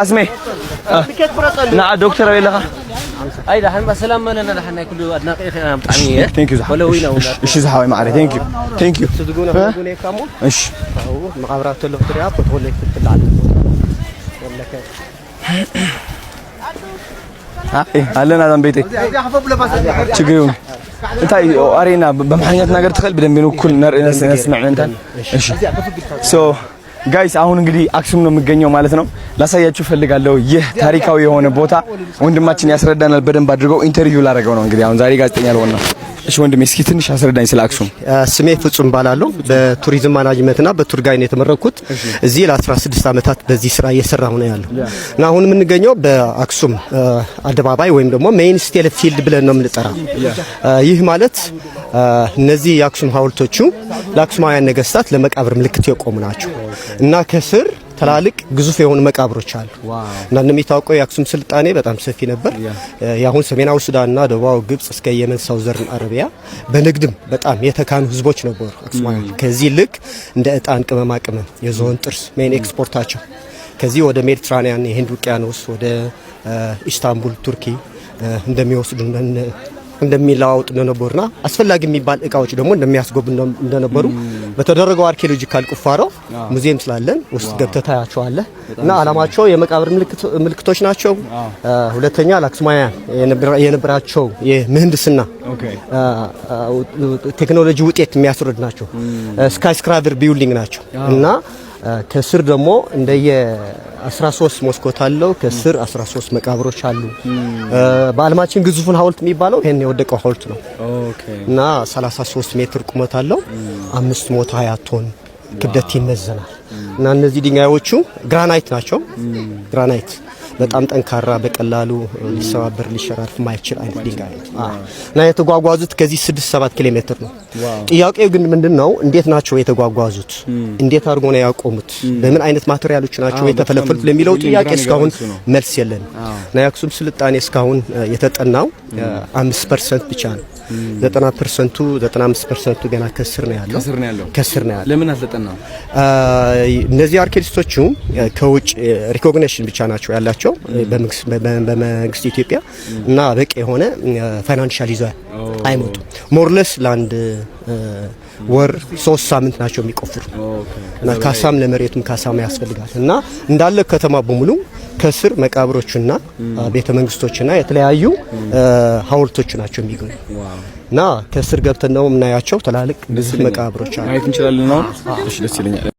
አስሜ ና ዶክተር አቤለኻ አይ ዳሕን ሰላም መለና ዳሕን ናይ ኩሉ ኣድናቂ ኢኸና ብጣዕሚ እየ ወለው ኢና ውላ እሺ ዝሓወይ ማዕረ ቴንክ ዩ ቴንክ ዩ ስድጉነ ጉነ ኢካ እሺ መቃብራ ተሎ ክትሪያ ክትኮሎ ይክትብል ኣለ ወለከ ኣለና ዛን ቤተ ችግር ይሁን እንታይ ኣርኤና ብኣምሓርኛ ትናገር ትኽእል ብደንብ እኩል ነርኢ ነስምዕ ምእንታን እሺ ሶ ጋይስ አሁን እንግዲህ አክሱም ነው የምገኘው ማለት ነው። ላሳያችሁ ፈልጋለሁ። ይህ ታሪካዊ የሆነ ቦታ ወንድማችን ያስረዳናል በደንብ አድርገው። ኢንተርቪው ላደረገው ነው እንግዲህ አሁን ዛሬ ጋዜጠኛ ልሆን ነው። እሺ ወንድሜ እስኪ ትንሽ አስረዳኝ ስለ አክሱም። ስሜ ፍጹም ባላለሁ በቱሪዝም ማናጅመንትና በቱር ጋይድ ነው የተመረኩት። እዚህ ለ16 ዓመታት በዚህ ስራ እየሰራሁ ነው ያለው እና አሁን የምንገኘው በአክሱም አደባባይ ወይም ደግሞ ሜይን ስቴል ፊልድ ብለን ነው የምንጠራው። ይህ ማለት እነዚህ የአክሱም ሀውልቶቹ ለአክሱማውያን ነገስታት ለመቃብር ምልክት የቆሙ ናቸው እና ከስር ትላልቅ ግዙፍ የሆኑ መቃብሮች አሉ እና እንደሚታወቀው የአክሱም ስልጣኔ በጣም ሰፊ ነበር። የአሁን ሰሜናዊ ሱዳንና ደቡባዊ ግብጽ እስከ የመን ሳውዘርን አረቢያ በንግድም በጣም የተካኑ ህዝቦች ነበሩ አክሱማውያን። ከዚህ ልክ እንደ እጣን፣ ቅመማ ቅመም፣ የዝሆን ጥርስ ሜን ኤክስፖርታቸው ከዚህ ወደ ሜዲትራኒያን የህንድ ውቅያኖስ ወደ ኢስታንቡል ቱርኪ እንደሚወስዱ እንደሚለዋውጥ እንደነበሩና አስፈላጊ የሚባል እቃዎች ደግሞ እንደሚያስጎብ እንደነበሩ በተደረገው አርኪኦሎጂካል ቁፋሮ ሙዚየም ስላለን ውስጥ ገብተህ ታያቸዋለህ እና አላማቸው የመቃብር ምልክቶች ናቸው። ሁለተኛ ለአክሱማውያን የነበራቸው የምህንድስና ቴክኖሎጂ ውጤት የሚያስረድ ናቸው። ስካይ ስክራቨር ቢውልዲንግ ናቸው እና ከስር ደግሞ እንደየ 13 መስኮት አለው። ከስር 13 መቃብሮች አሉ። በዓለማችን ግዙፉን ሐውልት የሚባለው ይሄን የወደቀው ሐውልት ነው እና 33 ሜትር ቁመት አለው 520 ቶን ክብደት ይመዘናል እና እነዚህ ድንጋዮቹ ግራናይት ናቸው። ግራናይት በጣም ጠንካራ በቀላሉ ሊሰባበር ሊሸራርፍ ማይችል አይነት ድንጋይ ነው እና የተጓጓዙት ከዚህ 67 ኪሎ ሜትር ነው። ጥያቄው ግን ምንድን ነው? እንዴት ናቸው የተጓጓዙት? እንዴት አድርጎ ነው ያቆሙት? በምን አይነት ማቴሪያሎች ናቸው የተፈለፈሉት ለሚለው ጥያቄ እስካሁን መልስ የለንም እና የአክሱም ስልጣኔ እስካሁን የተጠናው አምስት ፐርሰንት ብቻ ነው ዘጠና ፐርሰንቱ ዘጠና አምስት ፐርሰንቱ ገና ከስር ነው ያለው ከስር ነው ያለው። ለምን አልተጠናው? እነዚህ አርኬዲስቶቹ ከውጭ ሪኮግኒሽን ብቻ ናቸው ያላቸው በመንግስት ኢትዮጵያ እና በቂ የሆነ ፋይናንሻል ይዘ አይመጡም። ሞርለስ ለአንድ ወር ሶስት ሳምንት ናቸው የሚቆፍሩ እና ካሳም ለመሬቱም ካሳም ያስፈልጋል እና እንዳለ ከተማ በሙሉ ከስር መቃብሮችና ቤተ መንግስቶችና የተለያዩ ሀውልቶች ናቸው የሚገኙ እና ከስር ገብተን ነው የምናያቸው። ትላልቅ ብዙ መቃብሮች አሉ። ማየት እንችላለን። ደስ ይለኛል።